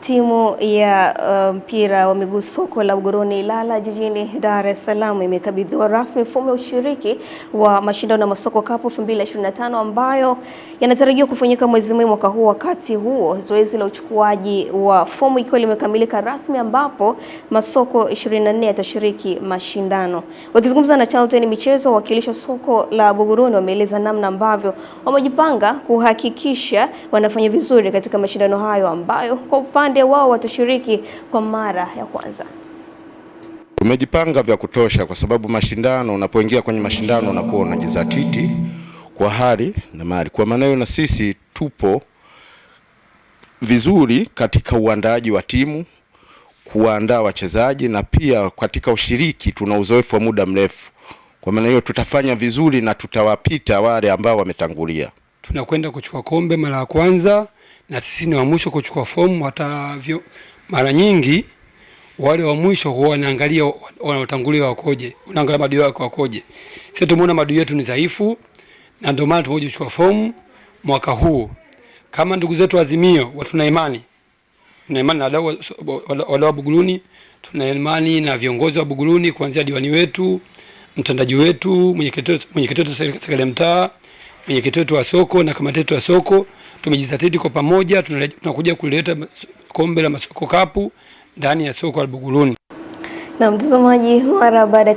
Timu ya eh, mpira um, wa miguu soko la Ugoroni Ilala jijini Dar es Salaam imekabidhiwa rasmi fomu ya ushiriki wa mashindano ya Masoko Cup 2025 ambayo yanatarajiwa kufanyika mwezi Mei mwaka huu. Wakati huo zoezi la uchukuaji wa fomu ikiwa limekamilika rasmi, ambapo masoko 24 yatashiriki mashindano. Wakizungumza na Channel 10 Michezo, wakilisha soko la Buguruni wameeleza namna ambavyo wamejipanga kuhakikisha wanafanya vizuri katika mashindano hayo ambayo kwa upande wao watashiriki kwa mara ya kwanza. Tumejipanga vya kutosha, kwa sababu mashindano, unapoingia kwenye mashindano unakuwa unajizatiti kwa hali na mali. Kwa maana hiyo, na sisi tupo vizuri katika uandaaji wa timu, kuandaa wachezaji na pia katika ushiriki, tuna uzoefu wa muda mrefu. Kwa maana hiyo, tutafanya vizuri na tutawapita wale ambao wametangulia. Tunakwenda kuchukua kombe mara ya kwanza na sisi ni wa mwisho kuchukua fomu. Hata mara nyingi wale wa mwisho huwa wanaangalia wanaotangulia wakoje, unaangalia madui yako wakoje. Sisi tumeona madui yetu ni dhaifu, na ndio maana tumeje kuchukua fomu mwaka huu kama ndugu zetu Azimio. Tuna imani tuna imani na wadau wa Buguruni, tuna imani na viongozi wa Buguruni, kuanzia diwani wetu, mtendaji wetu, mwenyekiti wetu mwenyekiti wetu wa serikali ya mtaa, mwenyekiti wetu wa soko na kamati yetu ya soko tumejizatiti kwa pamoja, tunakuja kuleta kombe la masoko kapu ndani ya soko la Buguruni. Na mtazamaji, mara baada ya